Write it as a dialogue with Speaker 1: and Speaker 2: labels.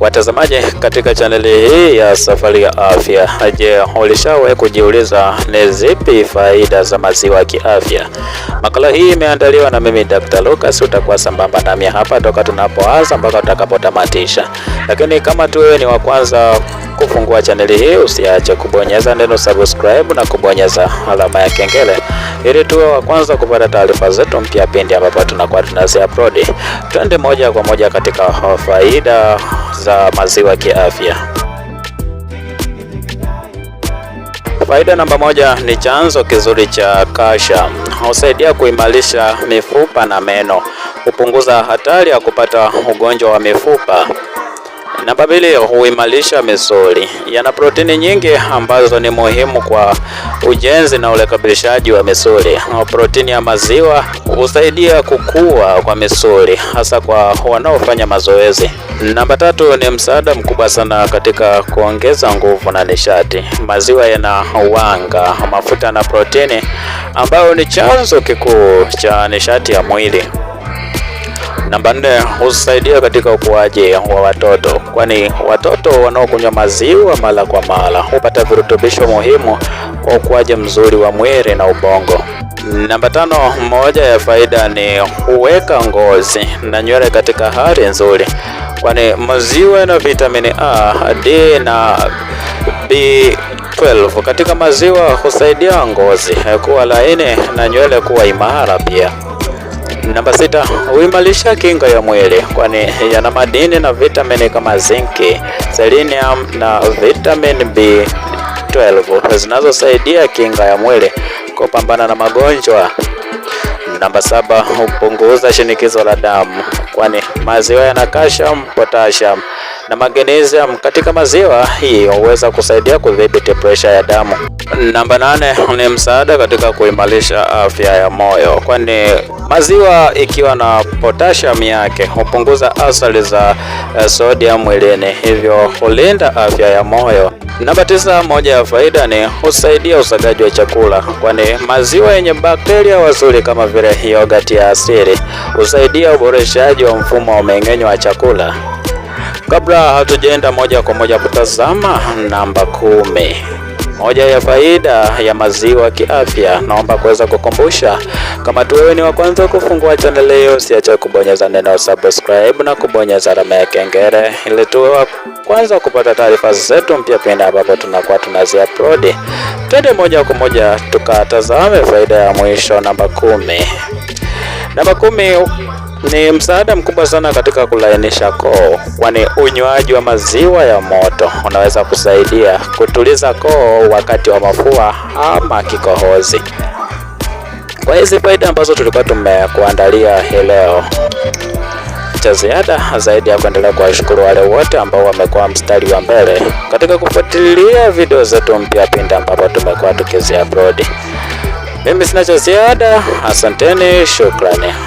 Speaker 1: Watazamaji katika chaneli hii ya Safari ya Afya, je, ulishawahi kujiuliza ni zipi faida za maziwa kiafya? Makala hii imeandaliwa na mimi Dr. Lucas, utakuwa sambamba nami hapa toka tunapoanza mpaka tutakapotamatisha. Lakini kama wewe ni wa kwanza kufungua chaneli hii, usiache kubonyeza neno subscribe na kubonyeza alama ya kengele ili tuwe wa kwanza kupata taarifa zetu mpya pindi ambapo tunakuwa tunazi upload. Twende moja kwa moja katika faida za maziwa kiafya. Faida namba moja ni chanzo kizuri cha kasha, husaidia kuimarisha mifupa na meno, hupunguza hatari ya kupata ugonjwa wa mifupa na babili huimarisha misuli. Yana protini nyingi ambazo ni muhimu kwa ujenzi na urekebishaji wa misuli. Protini ya maziwa husaidia kukua kwa misuli hasa kwa wanaofanya mazoezi. Namba tatu ni msaada mkubwa sana katika kuongeza nguvu na nishati. Maziwa yana wanga, mafuta na protini ambayo ni chanzo kikuu cha nishati ya mwili. Namba nne, husaidia katika ukuaji wa watoto, kwani watoto wanaokunywa maziwa mara kwa mara hupata virutubisho muhimu kwa ukuaji mzuri wa mwili na ubongo. Namba tano, moja ya faida ni huweka ngozi na nywele katika hali nzuri, kwani maziwa yana vitamini A, D na B12 katika maziwa husaidia ngozi kuwa laini na nywele kuwa imara pia. Namba sita, huimarisha kinga ya mwili kwani yana madini na vitamini kama zinki, selenium na vitamin B12 zinazosaidia kinga ya mwili kupambana na magonjwa. Namba saba, hupunguza shinikizo la damu kwani maziwa yana calcium, potassium na magnesium katika maziwa. Hii huweza kusaidia kudhibiti pressure ya damu. Namba nane ni msaada katika kuimarisha afya ya moyo, kwani maziwa ikiwa na potassium yake hupunguza athari za uh, sodium mwilini, hivyo hulinda afya ya moyo. Namba tisa, moja ya faida ni husaidia usagaji wa chakula, kwani maziwa yenye bakteria wazuri kama vile yogurt ya asili husaidia uboreshaji wa mfumo wa mmeng'enyo wa chakula. Kabla hatujaenda moja kwa moja kutazama namba kumi, moja ya faida ya maziwa kiafya, naomba kuweza kukumbusha kama tu wewe ni wa kwanza kufungua chaneli hiyo, usiache kubonyeza neno subscribe na kubonyeza alama ya kengele ili tuwe wa kwanza kupata taarifa zetu mpya pindi ambapo tunakuwa upload. Twende moja kwa moja tukatazame faida ya mwisho namba kumi. Namba kumi ni msaada mkubwa sana katika kulainisha koo, kwani unywaji wa maziwa ya moto unaweza kusaidia kutuliza koo wakati wa mafua ama kikohozi. Kwa hizi faida ambazo tulikuwa tumekuandalia hii leo cha ziada zaidi ya kuendelea kuwashukuru wale wote ambao wamekuwa mstari wa mbele katika kufuatilia video zetu mpya pindi ambapo tumekuwa tukizi upload. Mimi sina cha ziada, asanteni, shukrani.